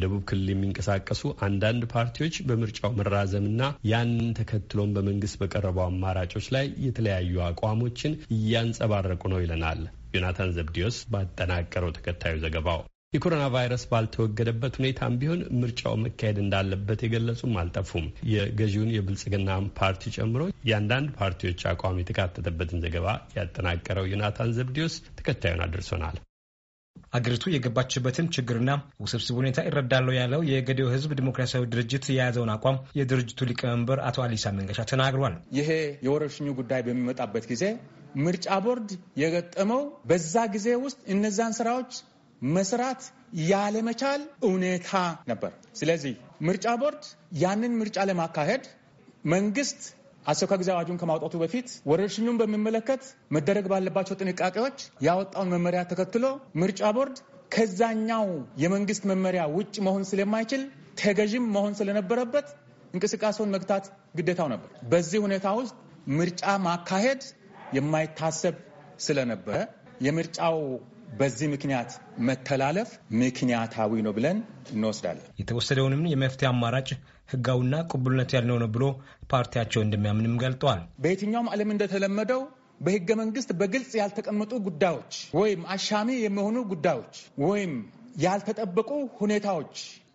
በደቡብ ክልል የሚንቀሳቀሱ አንዳንድ ፓርቲዎች በምርጫው መራዘምና ያንን ተከትሎም በመንግስት በቀረቡ አማራጮች ላይ የተለያዩ አቋሞችን እያንጸባረቁ ነው ይለናል ዮናታን ዘብዲዮስ ባጠናቀረው ተከታዩ ዘገባው። የኮሮና ቫይረስ ባልተወገደበት ሁኔታም ቢሆን ምርጫው መካሄድ እንዳለበት የገለጹም አልጠፉም። የገዢውን የብልጽግና ፓርቲ ጨምሮ የአንዳንድ ፓርቲዎች አቋም የተካተተበትን ዘገባ ያጠናቀረው ዮናታን ዘብዲዮስ ተከታዩን አድርሶናል። አገሪቱ የገባችበትን ችግርና ውስብስብ ሁኔታ ይረዳለው ያለው የገዲዮ ሕዝብ ዲሞክራሲያዊ ድርጅት የያዘውን አቋም የድርጅቱ ሊቀመንበር አቶ አሊሳ መንገሻ ተናግሯል። ይሄ የወረርሽኙ ጉዳይ በሚመጣበት ጊዜ ምርጫ ቦርድ የገጠመው በዛ ጊዜ ውስጥ እነዛን ስራዎች መስራት ያለመቻል ሁኔታ ነበር። ስለዚህ ምርጫ ቦርድ ያንን ምርጫ ለማካሄድ መንግስት አስቸኳይ ጊዜ አዋጁን ከማውጣቱ በፊት ወረርሽኙን በሚመለከት መደረግ ባለባቸው ጥንቃቄዎች ያወጣውን መመሪያ ተከትሎ ምርጫ ቦርድ ከዛኛው የመንግስት መመሪያ ውጭ መሆን ስለማይችል ተገዥም መሆን ስለነበረበት እንቅስቃሴውን መግታት ግዴታው ነበር። በዚህ ሁኔታ ውስጥ ምርጫ ማካሄድ የማይታሰብ ስለነበረ የምርጫው በዚህ ምክንያት መተላለፍ ምክንያታዊ ነው ብለን እንወስዳለን። የተወሰደውንም የመፍትሄ አማራጭ ህጋዊና ቅቡልነት ያለው ነው ብሎ ፓርቲያቸው እንደሚያምንም ገልጠዋል። በየትኛውም ዓለም እንደተለመደው በህገ መንግስት በግልጽ ያልተቀመጡ ጉዳዮች ወይም አሻሚ የሚሆኑ ጉዳዮች ወይም ያልተጠበቁ ሁኔታዎች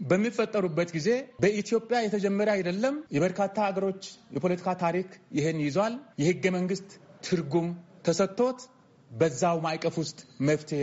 በሚፈጠሩበት ጊዜ በኢትዮጵያ የተጀመረ አይደለም። የበርካታ ሀገሮች የፖለቲካ ታሪክ ይህን ይዟል። የህገ መንግስት ትርጉም ተሰጥቶት በዛው ማዕቀፍ ውስጥ መፍትሄ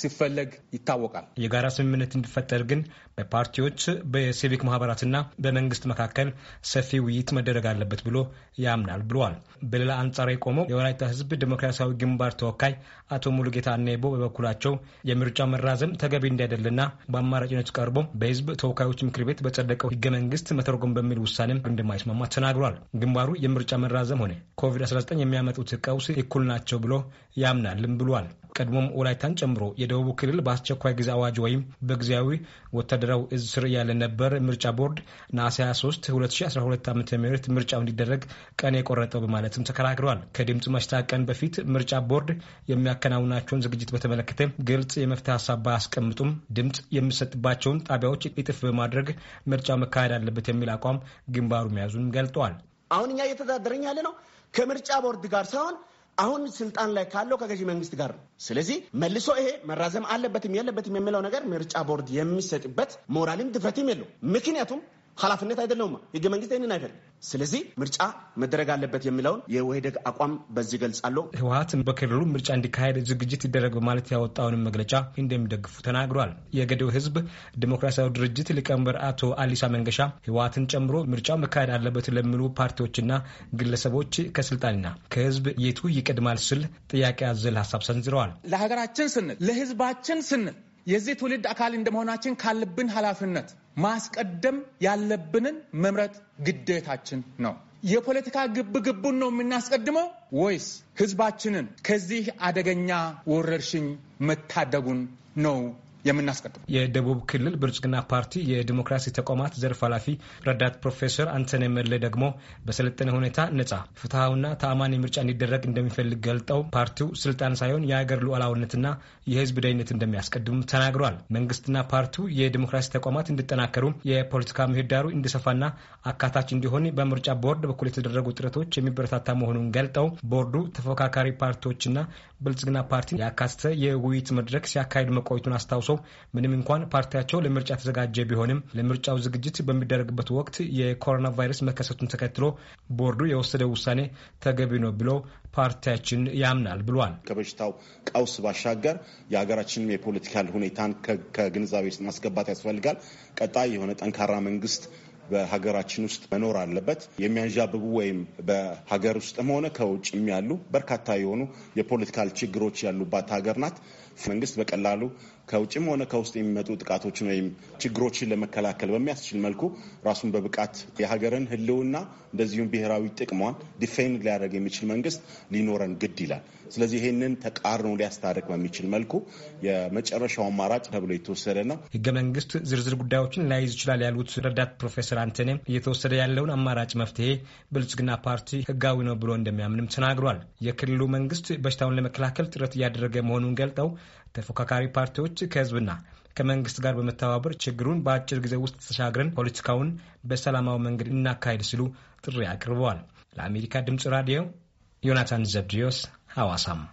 ሲፈለግ ይታወቃል። የጋራ ስምምነት እንዲፈጠር ግን በፓርቲዎች በሲቪክ ማህበራትና በመንግስት መካከል ሰፊ ውይይት መደረግ አለበት ብሎ ያምናል ብለዋል። በሌላ አንጻር የቆመው የወላይታ ህዝብ ዲሞክራሲያዊ ግንባር ተወካይ አቶ ሙሉጌታ ኔቦ በበኩላቸው የምርጫ መራዘም ተገቢ እንዳይደለና በአማራጭነት ቀርቦ በህዝብ ተወካዮች ምክር ቤት በጸደቀው ህገ መንግስት መተርጎም በሚል ውሳኔም እንደማይስማማ ተናግሯል። ግንባሩ የምርጫ መራዘም ሆነ ኮቪድ-19 የሚያመጡት ቀውስ እኩል ናቸው ብሎ ያምናልም ብሏል። ቀድሞም ወላይታን ጨምሮ የደቡብ ክልል በአስቸኳይ ጊዜ አዋጅ ወይም በጊዜያዊ ወታደራዊ እዝ ስር ያለ ነበር ምርጫ ቦርድ ነሐሴ 23 2012 ዓ ም ምርጫው እንዲደረግ ቀን የቆረጠው በማለትም ተከራክረዋል። ከድምፅ መስጫ ቀን በፊት ምርጫ ቦርድ የሚያከናውናቸውን ዝግጅት በተመለከተ ግልጽ የመፍትሄ ሀሳብ ባያስቀምጡም ድምፅ የሚሰጥባቸውን ጣቢያዎች እጥፍ በማድረግ ምርጫው መካሄድ አለበት የሚል አቋም ግንባሩ መያዙን ገልጠዋል። አሁን እኛ እየተዳደረኝ ያለ ነው ከምርጫ ቦርድ ጋር ሳይሆን አሁን ስልጣን ላይ ካለው ከገዢ መንግስት ጋር ነው። ስለዚህ መልሶ ይሄ መራዘም አለበትም የለበትም የሚለው ነገር ምርጫ ቦርድ የሚሰጥበት ሞራልም ድፍረትም የለው። ምክንያቱም ኃላፊነት አይደለውማ። ህገ መንግስት ይህንን አይፈል ስለዚህ ምርጫ መደረግ አለበት የሚለውን የወህደግ አቋም በዚህ ገልጻለሁ። ህወሀት በክልሉ ምርጫ እንዲካሄድ ዝግጅት ይደረግ በማለት ያወጣውንም መግለጫ እንደሚደግፉ ተናግሯል። የገዴው ህዝብ ዲሞክራሲያዊ ድርጅት ሊቀመንበር አቶ አሊሳ መንገሻ ህወሀትን ጨምሮ ምርጫው መካሄድ አለበት ለሚሉ ፓርቲዎችና ግለሰቦች ከስልጣንና ከህዝብ የቱ ይቀድማል ስል ጥያቄ አዘል ሀሳብ ሰንዝረዋል። ለሀገራችን ስንል ለህዝባችን ስንል የዚህ ትውልድ አካል እንደመሆናችን ካለብን ኃላፊነት ማስቀደም ያለብንን መምረጥ ግዴታችን ነው። የፖለቲካ ግብ ግቡን ነው የምናስቀድመው ወይስ ህዝባችንን ከዚህ አደገኛ ወረርሽኝ መታደጉን ነው የምናስቀጥም። የደቡብ ክልል ብልጽግና ፓርቲ የዲሞክራሲ ተቋማት ዘርፍ ኃላፊ ረዳት ፕሮፌሰር አንተነ መለ ደግሞ በሰለጠነ ሁኔታ ነጻ ፍትሐውና ተአማኒ ምርጫ እንዲደረግ እንደሚፈልግ ገልጠው ፓርቲው ስልጣን ሳይሆን የሀገር ሉዓላዊነትና የህዝብ ደህንነት እንደሚያስቀድም ተናግሯል። መንግስትና ፓርቲው የዲሞክራሲ ተቋማት እንዲጠናከሩ፣ የፖለቲካ ምህዳሩ እንዲሰፋና አካታች እንዲሆን በምርጫ ቦርድ በኩል የተደረጉ ጥረቶች የሚበረታታ መሆኑን ገልጠው ቦርዱ ተፎካካሪ ፓርቲዎችና ብልጽግና ፓርቲ ያካተተ የውይይት መድረክ ሲያካሂድ መቆየቱን አስታውሶ አስታውሰው ምንም እንኳን ፓርቲያቸው ለምርጫ የተዘጋጀ ቢሆንም ለምርጫው ዝግጅት በሚደረግበት ወቅት የኮሮና ቫይረስ መከሰቱን ተከትሎ ቦርዱ የወሰደው ውሳኔ ተገቢ ነው ብሎ ፓርቲያችን ያምናል ብሏል። ከበሽታው ቀውስ ባሻገር የሀገራችንም የፖለቲካል ሁኔታን ከግንዛቤ ውስጥ ማስገባት ያስፈልጋል። ቀጣይ የሆነ ጠንካራ መንግስት በሀገራችን ውስጥ መኖር አለበት። የሚያንዣብቡ ወይም በሀገር ውስጥም ሆነ ከውጭም ያሉ በርካታ የሆኑ የፖለቲካል ችግሮች ያሉባት ሀገር ናት። መንግስት በቀላሉ ከውጭም ሆነ ከውስጥ የሚመጡ ጥቃቶችን ወይም ችግሮችን ለመከላከል በሚያስችል መልኩ ራሱን በብቃት የሀገርን ህልውና እንደዚሁም ብሔራዊ ጥቅሟን ዲፌንድ ሊያደርግ የሚችል መንግስት ሊኖረን ግድ ይላል። ስለዚህ ይህንን ተቃርኖ ሊያስታርቅ በሚችል መልኩ የመጨረሻው አማራጭ ተብሎ የተወሰደ ነው። ህገ መንግስት ዝርዝር ጉዳዮችን ላይዝ ይችላል ያሉት ረዳት ፕሮፌሰር አንተኔ እየተወሰደ ያለውን አማራጭ መፍትሄ ብልጽግና ፓርቲ ህጋዊ ነው ብሎ እንደሚያምንም ተናግሯል። የክልሉ መንግስት በሽታውን ለመከላከል ጥረት እያደረገ መሆኑን ገልጠው ተፎካካሪ ፓርቲዎች ከህዝብና ከመንግስት ጋር በመተባበር ችግሩን በአጭር ጊዜ ውስጥ ተሻግረን ፖለቲካውን በሰላማዊ መንገድ እናካሄድ ሲሉ ጥሪ አቅርበዋል። ለአሜሪካ ድምፅ ራዲዮ ዮናታን ዘብድዮስ ሐዋሳም